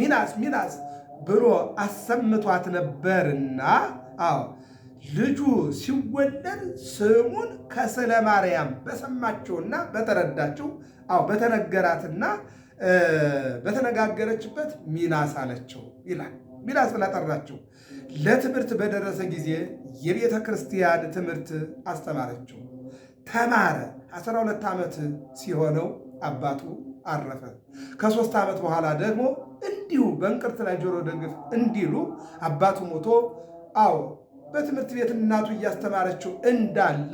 ሚናስ ሚናስ ብሎ አሰምቷት ነበርና። አዎ ልጁ ሲወለድ ስሙን ከስለ ማርያም በሰማችውና በተረዳችው አዎ በተነገራትና በተነጋገረችበት ሚናስ አለችው ይላል። ሚናስ ብላ ጠራችው። ለትምህርት በደረሰ ጊዜ የቤተ ክርስቲያን ትምህርት አስተማረችው። ተማረ። 12 ዓመት ሲሆነው አባቱ አረፈ። ከሶስት ዓመት በኋላ ደግሞ እንዲሁ በእንቅርት ላይ ጆሮ ደግፍ እንዲሉ አባቱ ሞቶ፣ አዎ በትምህርት ቤት እናቱ እያስተማረችው እንዳለ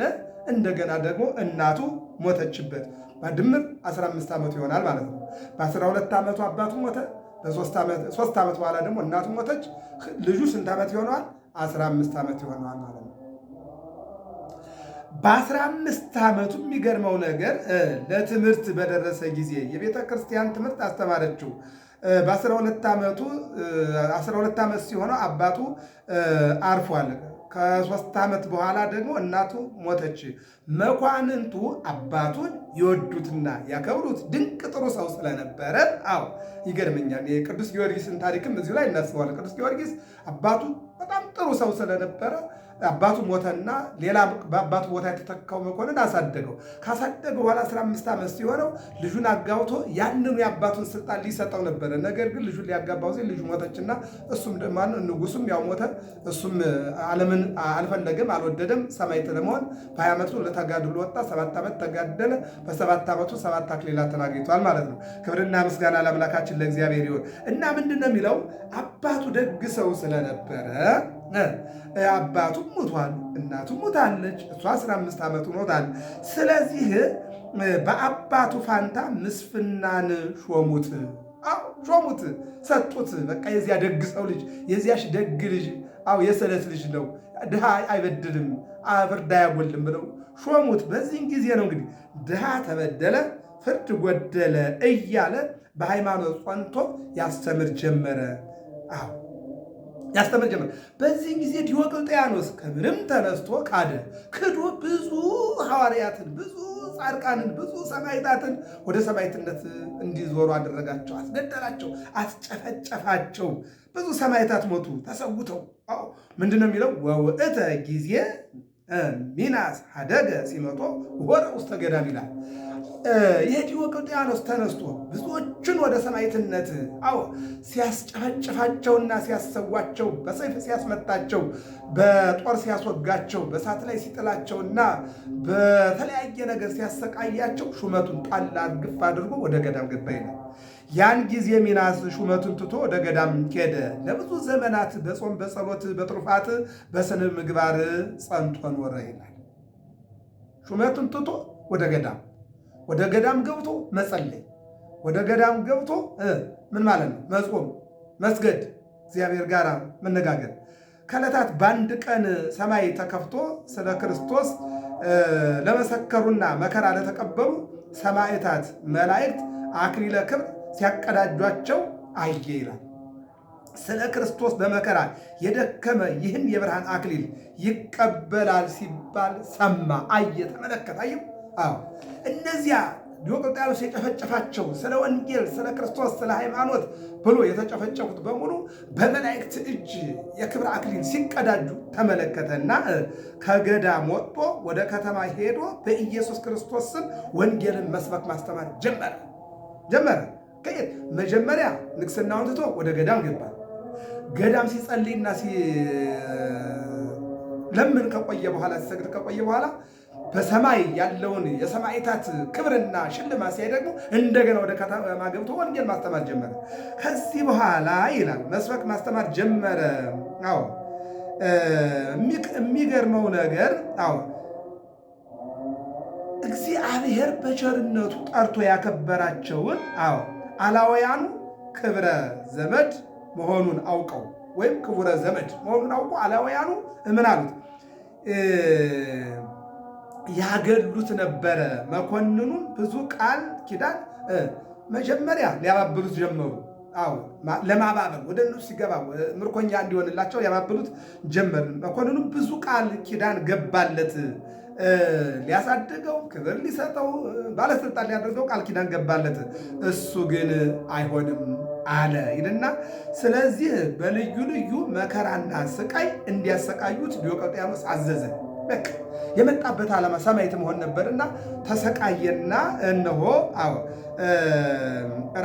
እንደገና ደግሞ እናቱ ሞተችበት። በድምር 15 ዓመቱ ይሆናል ማለት ነው። በ12 ዓመቱ አባቱ ሞተ። ሶስት ዓመት በኋላ ደግሞ እናቱ ሞተች። ልጁ ስንት ዓመት ይሆነዋል? 15 ዓመት ይሆነዋል ማለት ነው። በ15 ዓመቱ የሚገርመው ነገር ለትምህርት በደረሰ ጊዜ የቤተ ክርስቲያን ትምህርት አስተማረችው። በ12 ዓመቱ 12 ዓመት ሲሆነው አባቱ አርፏል። ከሶስት ዓመት በኋላ ደግሞ እናቱ ሞተች። መኳንንቱ አባቱን ይወዱትና ያከብሩት ድንቅ ጥሩ ሰው ስለነበረ፣ አዎ ይገርመኛል። የቅዱስ ጊዮርጊስን ታሪክም እዚሁ ላይ እናስበዋለን። ቅዱስ ጊዮርጊስ አባቱ በጣም ጥሩ ሰው ስለነበረ አባቱ ሞተና ሌላ በአባቱ ቦታ የተተካው መኮንን አሳደገው። ካሳደገው በኋላ 15 ዓመት ሲሆነው ልጁን አጋብቶ ያንኑ የአባቱን ስልጣን ሊሰጠው ነበረ። ነገር ግን ልጁን ሊያጋባው ሲል ልጁ ሞተችና እሱም ንጉሱም ያው ሞተ። እሱም ዓለምን አልፈለገም፣ አልወደደም። ሰማዕት ለመሆን በሀያ ዓመቱ ለተጋድሎ ወጣ። ሰባት ዓመት ተጋደለ። በሰባት ዓመቱ ሰባት አክሊላትን አግኝቷል ማለት ነው። ክብርና ምስጋና ለአምላካችን ለእግዚአብሔር ይሁን እና ምንድን ነው የሚለው አባቱ ደግ ሰው ስለነበረ አባቱም ሙቷል፣ እናቱም ሙታለች። እሷ 15 ዓመት ሆኖታል። ስለዚህ በአባቱ ፋንታ ምስፍናን ሾሙት። አዎ ሾሙት፣ ሰጡት። በቃ የዚያ ደግ ሰው ልጅ፣ የዚያሽ ደግ ልጅ፣ አዎ የሰለት ልጅ ነው፣ ድሃ አይበድልም፣ ፍርድ አያጎልም ብለው ሾሙት። በዚህም ጊዜ ነው እንግዲህ ድሃ ተበደለ፣ ፍርድ ጎደለ እያለ በሃይማኖት ጸንቶ ያስተምር ጀመረ። አዎ ያስተምር ጀመር። በዚህን ጊዜ ዲዮቅልጥያኖስ ከምንም ተነስቶ ካደ። ክዶ ብዙ ሐዋርያትን፣ ብዙ ጻድቃንን፣ ብዙ ሰማዕታትን ወደ ሰማዕትነት እንዲዞሩ አደረጋቸው። አስገደላቸው፣ አስጨፈጨፋቸው። ብዙ ሰማዕታት ሞቱ ተሰውተው። ምንድን ነው የሚለው? ወውእተ ጊዜ ሚናስ ሀደገ ሲመጦ ወረ ውስተ ገዳም ይላል። የዲዮቅልጥያኖስ ተነስቶ ብዙዎቹን ወደ ሰማዕትነት አዎ ሲያስጨፈጭፋቸውና ሲያሰዋቸው በሰይፍ ሲያስመታቸው በጦር ሲያስወጋቸው በእሳት ላይ ሲጥላቸውና በተለያየ ነገር ሲያሰቃያቸው ሹመቱን ጣል አርግፍ አድርጎ ወደ ገዳም ገባ ይላል። ያን ጊዜ ሚናስ ሹመቱን ትቶ ወደ ገዳም ሄደ። ለብዙ ዘመናት በጾም በጸሎት በትሩፋት በስነ ምግባር ጸንቶ ኖረ ይላል። ሹመቱን ትቶ ወደ ገዳም ወደ ገዳም ገብቶ መጸለይ፣ ወደ ገዳም ገብቶ ምን ማለት ነው? መጾም፣ መስገድ፣ እግዚአብሔር ጋር መነጋገር። ከዕለታት በአንድ ቀን ሰማይ ተከፍቶ ስለ ክርስቶስ ለመሰከሩና መከራ ለተቀበሉ ሰማዕታት መላእክት አክሊለ ክብር ሲያቀዳጇቸው አየ ይላል። ስለ ክርስቶስ በመከራ የደከመ ይህን የብርሃን አክሊል ይቀበላል ሲባል ሰማ፣ አየ፣ ተመለከተ። አየው። አዎ እነዚያ ዲዮቅልጥያኖስ የጨፈጨፋቸው ስለ ወንጌል፣ ስለ ክርስቶስ፣ ስለ ሃይማኖት ብሎ የተጨፈጨፉት በሙሉ በመላእክት እጅ የክብር አክሊል ሲቀዳጁ ተመለከተና ከገዳም ወጥቶ ወደ ከተማ ሄዶ በኢየሱስ ክርስቶስ ስም ወንጌልን መስበክ ማስተማር ጀመረ ጀመረ። ከየት መጀመሪያ ንግስናውን ትቶ ወደ ገዳም ገባ። ገዳም ሲጸልይና ሲለምን ከቆየ በኋላ ሲሰግድ ከቆየ በኋላ በሰማይ ያለውን የሰማዕታት ክብርና ሽልማት ሲያይ ደግሞ እንደገና ወደ ከተማ ገብቶ ወንጌል ማስተማር ጀመረ። ከዚህ በኋላ ይላል መስበክ ማስተማር ጀመረ። አዎ የሚገርመው ነገር አዎ እግዚአብሔር በቸርነቱ ጠርቶ ያከበራቸውን አዎ አላውያኑ ክብረ ዘመድ መሆኑን አውቀው ወይም ክቡረ ዘመድ መሆኑን አውቀው አላውያኑ ምን አሉት? ያገሉት ነበረ። መኮንኑም ብዙ ቃል ኪዳን መጀመሪያ ሊያባብሉት ጀመሩ። አዎ ለማባበል ወደ እነሱ ሲገባ ምርኮኛ እንዲሆንላቸው ሊያባብሉት ጀመር። መኮንኑም ብዙ ቃል ኪዳን ገባለት። ሊያሳድገው፣ ክብር ሊሰጠው፣ ባለስልጣን ሊያደርገው ቃል ኪዳን ገባለት። እሱ ግን አይሆንም አለ ይልና፣ ስለዚህ በልዩ ልዩ መከራና ስቃይ እንዲያሰቃዩት ዲዮቀጥያኖስ አዘዘን። በቃ የመጣበት ዓላማ ሰማዕት መሆን ነበርና ተሰቃየና፣ እነሆ አዎ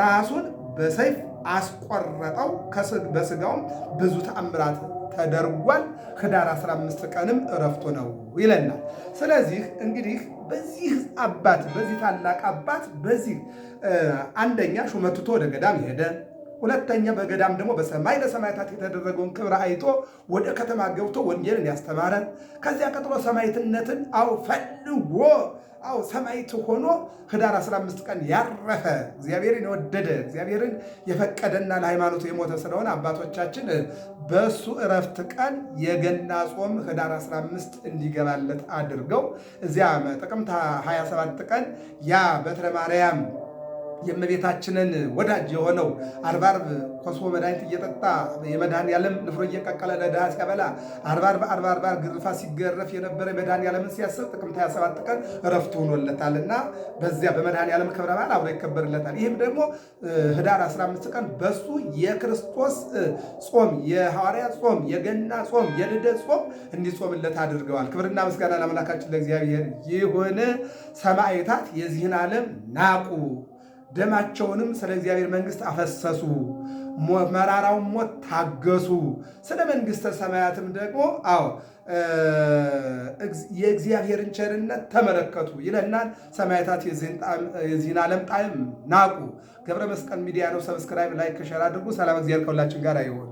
ራሱን በሰይፍ አስቆረጠው። በስጋውም ብዙ ተአምራት ተደርጓል። ኅዳር 15 ቀንም እረፍቶ ነው ይለናል። ስለዚህ እንግዲህ በዚህ አባት በዚህ ታላቅ አባት በዚህ አንደኛ ሹመትቶ ወደ ገዳም ሄደ። ሁለተኛ በገዳም ደግሞ በሰማይ ለሰማያታት የተደረገውን ክብር አይቶ ወደ ከተማ ገብቶ ወንጌልን ያስተማረ ከዚያ ቀጥሎ ሰማይትነትን አው ፈልጎ አው ሰማይት ሆኖ ህዳር 15 ቀን ያረፈ እግዚአብሔርን የወደደ እግዚአብሔርን የፈቀደና ለሃይማኖቱ የሞተ ስለሆነ አባቶቻችን በእሱ እረፍት ቀን የገና ጾም ህዳር 15 እንዲገባለት አድርገው እዚያ ጥቅምት 27 ቀን ያ በትረ ማርያም የእመቤታችንን ወዳጅ የሆነው አርባር ኮስሞ ኮሶ መድኃኒት እየጠጣ የመድኃኒዓለም ንፍሮ እየቀቀለ ለድሃ ሲያበላ ዓርብ ዓርብ ዓርብ ሲገረፍ የነበረ መድኃኒዓለምን ሲያስብ ጥቅምት 27 ቀን እረፍት ሆኖለታል እና በዚያ በመድኃኒዓለም ክብረ በዓል አብሮ ይከበርለታል። ይህም ደግሞ ህዳር 15 ቀን በሱ የክርስቶስ ጾም፣ የሐዋርያ ጾም፣ የገና ጾም፣ የልደት ጾም እንዲጾምለት አድርገዋል። ክብርና ምስጋና ለአምላካችን ለእግዚአብሔር ይሁን። ሰማዕታት የዚህን ዓለም ናቁ። ደማቸውንም ስለ እግዚአብሔር መንግሥት አፈሰሱ። መራራውን ሞት ታገሱ። ስለ መንግሥተ ሰማያትም ደግሞ አዎ የእግዚአብሔርን ቸርነት ተመለከቱ ይለናል። ሰማያታት የዚህን ዓለም ጣዕም ናቁ። ገብረ መስቀል ሚዲያ ነው። ሰብስክራይብ፣ ላይክ፣ ሸር አድርጉ። ሰላም እግዚአብሔር ከሁላችን ጋር አይሆን